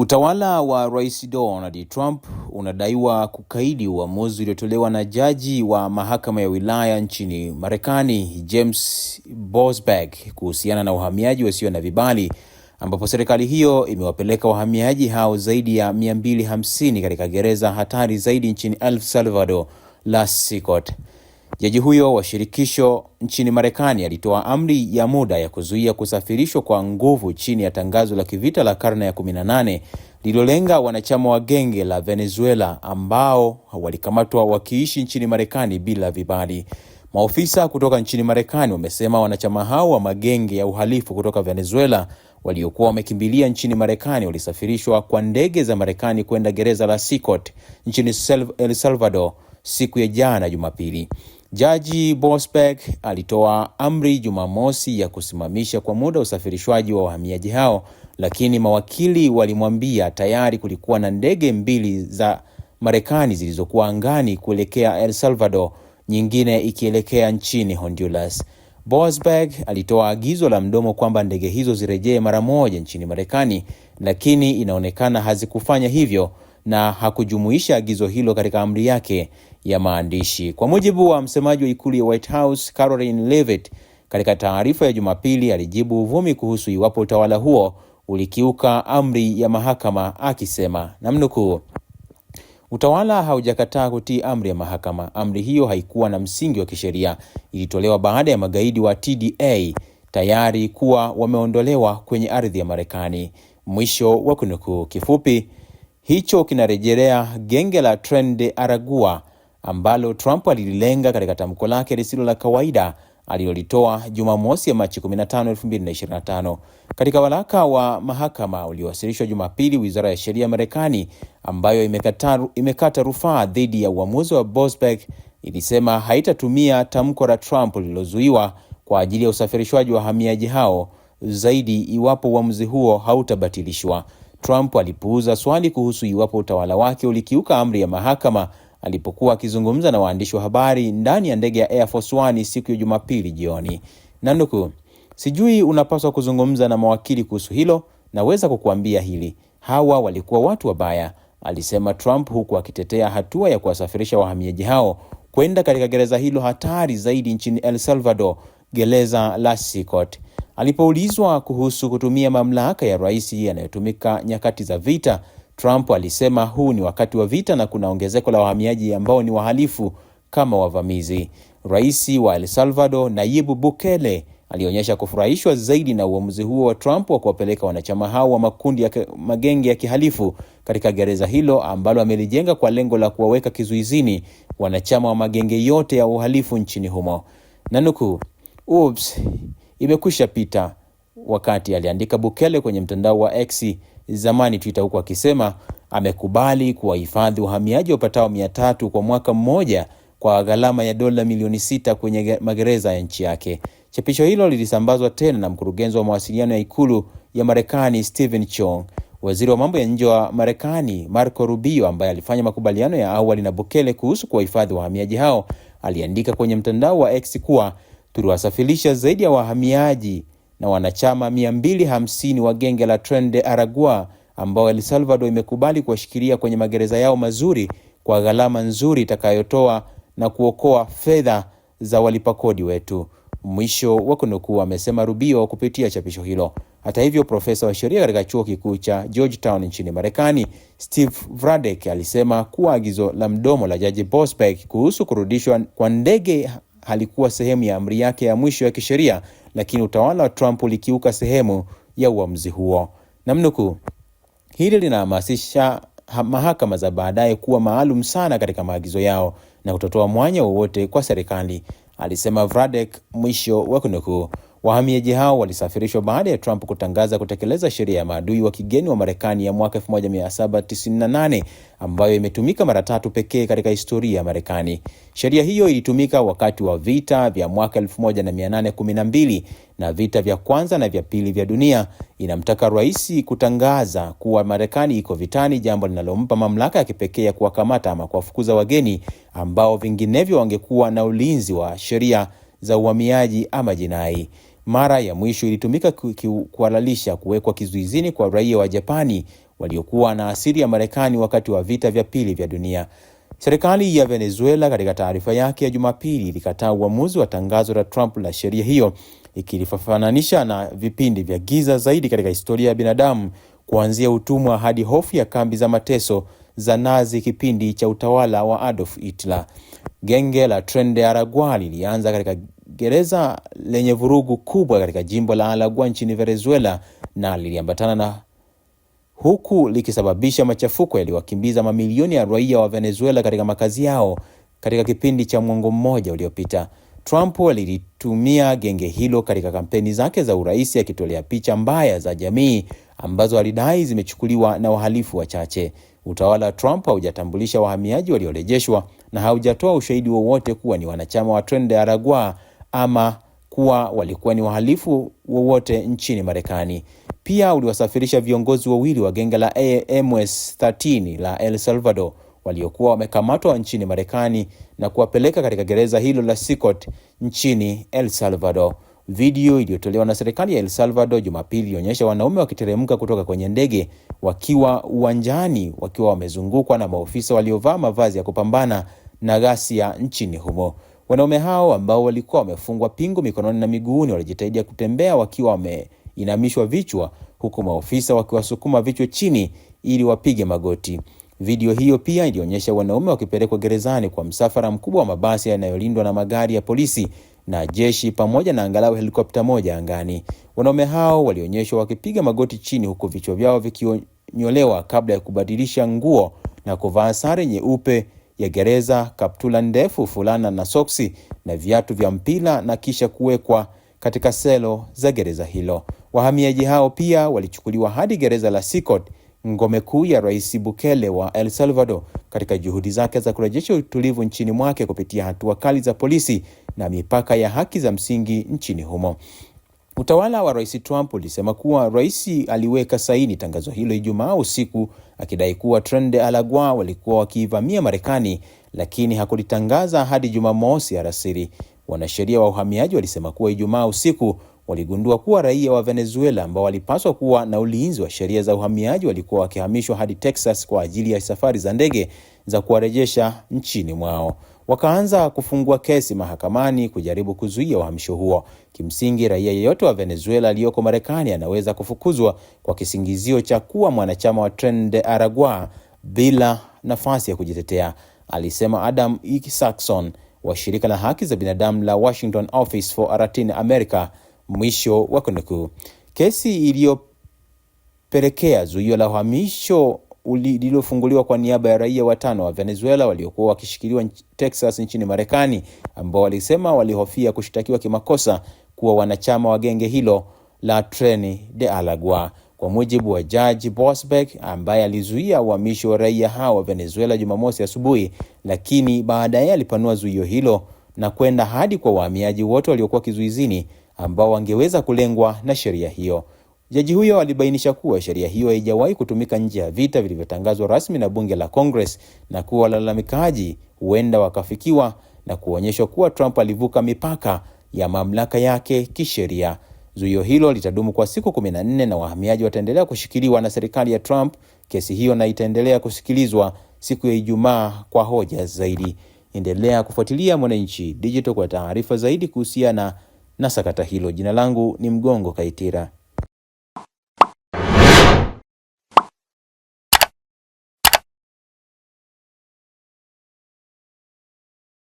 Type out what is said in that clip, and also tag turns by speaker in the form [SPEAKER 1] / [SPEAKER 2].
[SPEAKER 1] Utawala wa Rais Donald Trump unadaiwa kukaidi uamuzi uliotolewa na jaji wa mahakama ya wilaya nchini Marekani, James Boasberg, kuhusiana na uhamiaji wasio na vibali, ambapo serikali hiyo imewapeleka wahamiaji hao zaidi ya 250 katika gereza hatari zaidi nchini El Salvador la Sicotte. Jaji huyo wa shirikisho nchini Marekani alitoa amri ya muda ya kuzuia kusafirishwa kwa nguvu chini ya tangazo la kivita la karne ya 18 lililolenga wanachama wa genge la Venezuela ambao walikamatwa wakiishi nchini Marekani bila vibali. Maofisa kutoka nchini Marekani wamesema wanachama hao wa magenge ya uhalifu kutoka Venezuela waliokuwa wamekimbilia nchini Marekani walisafirishwa kwa ndege za Marekani kwenda gereza la Sicot nchini El Salvador siku ya jana Jumapili. Jaji Bosbeck alitoa amri Jumamosi ya kusimamisha kwa muda usafirishwaji wa wahamiaji hao, lakini mawakili walimwambia tayari kulikuwa na ndege mbili za Marekani zilizokuwa angani kuelekea El Salvador, nyingine ikielekea nchini Honduras. Bosbeck alitoa agizo la mdomo kwamba ndege hizo zirejee mara moja nchini Marekani, lakini inaonekana hazikufanya hivyo na hakujumuisha agizo hilo katika amri yake ya maandishi. Kwa mujibu wa msemaji wa ikulu ya White House Caroline Levitt, katika taarifa ya Jumapili alijibu uvumi kuhusu iwapo utawala huo ulikiuka amri ya mahakama akisema, namnukuu, utawala haujakataa kutii amri ya mahakama. Amri hiyo haikuwa na msingi wa kisheria, ilitolewa baada ya magaidi wa TDA tayari kuwa wameondolewa kwenye ardhi ya Marekani. Mwisho wa kunukuu. Kifupi, Hicho kinarejelea genge la Tren de Aragua ambalo Trump alililenga katika tamko lake lisilo la kawaida alilolitoa Jumamosi ya Machi 15, 2025. Katika waraka wa mahakama uliowasilishwa Jumapili, Wizara ya Sheria ya Marekani ambayo imekata, imekata rufaa dhidi ya uamuzi wa Boasberg ilisema haitatumia tamko la Trump lililozuiwa kwa ajili ya usafirishwaji wa wahamiaji hao zaidi iwapo uamuzi huo hautabatilishwa. Trump alipuuza swali kuhusu iwapo utawala wake ulikiuka amri ya mahakama alipokuwa akizungumza na waandishi wa habari ndani ya ndege ya Air Force One siku ya Jumapili jioni. Nanduku, sijui unapaswa kuzungumza na mawakili kuhusu hilo, naweza kukuambia hili, hawa walikuwa watu wabaya, alisema Trump huku akitetea hatua ya kuwasafirisha wahamiaji hao kwenda katika gereza hilo hatari zaidi nchini El Salvador gereza la Sikot. Alipoulizwa kuhusu kutumia mamlaka ya rais yanayotumika nyakati za vita, Trump alisema huu ni wakati wa vita na kuna ongezeko la wahamiaji ambao ni wahalifu kama wavamizi. Rais wa El Salvador Nayib Bukele alionyesha kufurahishwa zaidi na uamuzi huo wa Trump wa kuwapeleka wanachama hao wa makundi ya magenge ya kihalifu katika gereza hilo ambalo amelijenga kwa lengo la kuwaweka kizuizini wanachama wa magenge yote ya uhalifu nchini humo. Nanukuu, Oops, imekwisha pita wakati, aliandika Bukele kwenye mtandao wa X zamani Twitter, huku akisema amekubali kuwahifadhi wahamiaji wapatao mia tatu kwa mwaka mmoja kwa gharama ya dola milioni sita kwenye magereza ya nchi yake. Chapisho hilo lilisambazwa tena na mkurugenzi wa mawasiliano ya ikulu ya Marekani Stephen Chong. Waziri wa mambo ya nje wa Marekani Marco Rubio, ambaye alifanya makubaliano ya awali na Bukele kuhusu kuwahifadhi wahamiaji hao, aliandika kwenye mtandao wa X kuwa tuliwasafirisha zaidi ya wahamiaji na wanachama 250 wa genge la Tren de Aragua ambao El Salvador imekubali kuwashikilia kwenye magereza yao mazuri kwa gharama nzuri itakayotoa na kuokoa fedha za walipakodi wetu. Mwisho wa kunukuu, amesema Rubio kupitia chapisho hilo. Hata hivyo, profesa wa sheria katika chuo kikuu cha Georgetown nchini Marekani, Steve Vradek alisema kuwa agizo la mdomo la Jaji Boasberg kuhusu kurudishwa kwa ndege halikuwa sehemu ya amri yake ya mwisho ya kisheria, lakini utawala wa Trump ulikiuka sehemu ya uamuzi huo. namnuku hili linahamasisha mahakama za baadaye kuwa maalum sana katika maagizo yao na kutotoa mwanya wowote kwa serikali, alisema Vradek, mwisho wa kunukuu. Wahamiaji hao walisafirishwa baada ya Trump kutangaza kutekeleza sheria ya maadui wa kigeni wa Marekani ya mwaka 1798 ambayo imetumika mara tatu pekee katika historia ya Marekani. Sheria hiyo ilitumika wakati wa vita vya mwaka 1812 na vita vya kwanza na vya pili vya dunia. Inamtaka rais kutangaza kuwa Marekani iko vitani, jambo linalompa mamlaka ya kipekee ya kuwakamata ama kuwafukuza wageni ambao vinginevyo wangekuwa na ulinzi wa sheria za uhamiaji ama jinai mara ya mwisho ilitumika kuhalalisha kuwekwa kizuizini kwa raia wa Japani waliokuwa na asili ya Marekani wakati wa vita vya pili vya dunia. Serikali ya Venezuela katika taarifa yake ya Jumapili ilikataa uamuzi wa tangazo la Trump la sheria hiyo, ikilifafananisha na vipindi vya giza zaidi katika historia ya binadamu, kuanzia utumwa hadi hofu ya kambi za mateso za Nazi kipindi cha utawala wa Adolf Hitler. Genge la Tren de Aragua lilianza katika gereza lenye vurugu kubwa katika jimbo la Alagua nchini Venezuela na liliambatana na huku likisababisha machafuko yaliyowakimbiza mamilioni ya raia wa Venezuela katika makazi yao katika kipindi cha mwongo mmoja uliopita. Trump alilitumia genge hilo katika kampeni zake za urais, akitolea picha mbaya za jamii ambazo alidai zimechukuliwa na wahalifu wachache. Utawala wa Trump haujatambulisha wahamiaji waliorejeshwa na haujatoa ushahidi wowote kuwa ni wanachama wa Tren de Aragua ama kuwa walikuwa ni wahalifu wowote nchini Marekani. Pia uliwasafirisha viongozi wawili wa genge la MS-13 la El Salvador waliokuwa wamekamatwa nchini Marekani na kuwapeleka katika gereza hilo la Sicot nchini El Salvador. Video iliyotolewa na serikali ya El Salvador Jumapili ilionyesha wanaume wakiteremka kutoka kwenye ndege wakiwa uwanjani wakiwa wamezungukwa na maofisa waliovaa mavazi ya kupambana na ghasia nchini humo. Wanaume hao ambao walikuwa wamefungwa pingu mikononi na miguuni walijitahidi kutembea wakiwa wameinamishwa vichwa, huku maofisa wakiwasukuma vichwa chini ili wapige magoti. Video hiyo pia ilionyesha wanaume wakipelekwa gerezani kwa msafara mkubwa wa mabasi yanayolindwa na magari ya polisi na jeshi pamoja na angalau helikopta moja angani. Wanaume hao walionyeshwa wakipiga magoti chini huku vichwa vyao vikionyolewa kabla ya kubadilisha nguo na kuvaa sare nyeupe ya gereza, kaptula ndefu, fulana na soksi na viatu vya mpira na kisha kuwekwa katika selo za gereza hilo. Wahamiaji hao pia walichukuliwa hadi gereza la Sikot, ngome kuu ya Rais Bukele wa El Salvador, katika juhudi zake za kurejesha utulivu nchini mwake kupitia hatua kali za polisi na mipaka ya haki za msingi nchini humo. Utawala wa Rais Trump ulisema kuwa rais aliweka saini tangazo hilo Ijumaa usiku akidai kuwa Tren de walikuwa wakiivamia Marekani, lakini hakulitangaza hadi Jumamosi alasiri. Wanasheria wa uhamiaji walisema kuwa Ijumaa usiku waligundua kuwa raia wa Venezuela ambao walipaswa kuwa na ulinzi wa sheria za uhamiaji walikuwa wakihamishwa hadi Texas kwa ajili ya safari za ndege za kuwarejesha nchini mwao wakaanza kufungua kesi mahakamani kujaribu kuzuia uhamisho huo. Kimsingi, raia yeyote wa Venezuela aliyoko Marekani anaweza kufukuzwa kwa kisingizio cha kuwa mwanachama wa Tren de Aragua bila nafasi ya kujitetea, alisema Adam Isakson wa shirika la haki za binadamu la Washington Office for Latin America. Mwisho wa kunukuu. Kesi iliyopelekea zuio la uhamisho lililofunguliwa kwa niaba ya raia watano wa Venezuela waliokuwa wakishikiliwa Texas nchini Marekani, ambao walisema walihofia kushtakiwa kimakosa kuwa wanachama wa genge hilo la Tren de alagua Kwa mujibu wa Jaji Bosbeck ambaye alizuia uhamisho wa raia hao wa Venezuela Jumamosi asubuhi, lakini baadaye alipanua zuio hilo na kwenda hadi kwa wahamiaji wote waliokuwa kizuizini ambao wangeweza kulengwa na sheria hiyo. Jaji huyo alibainisha kuwa sheria hiyo haijawahi kutumika nje ya vita vilivyotangazwa rasmi na bunge la Congress na kuwa walalamikaji huenda wakafikiwa na kuonyeshwa kuwa Trump alivuka mipaka ya mamlaka yake kisheria. Zuio hilo litadumu kwa siku 14 na wahamiaji wataendelea kushikiliwa na serikali ya Trump. Kesi hiyo na itaendelea kusikilizwa siku ya Ijumaa kwa hoja zaidi. Endelea kufuatilia Mwananchi Digital kwa taarifa zaidi kuhusiana na sakata hilo. Jina langu ni Mgongo Kaitira.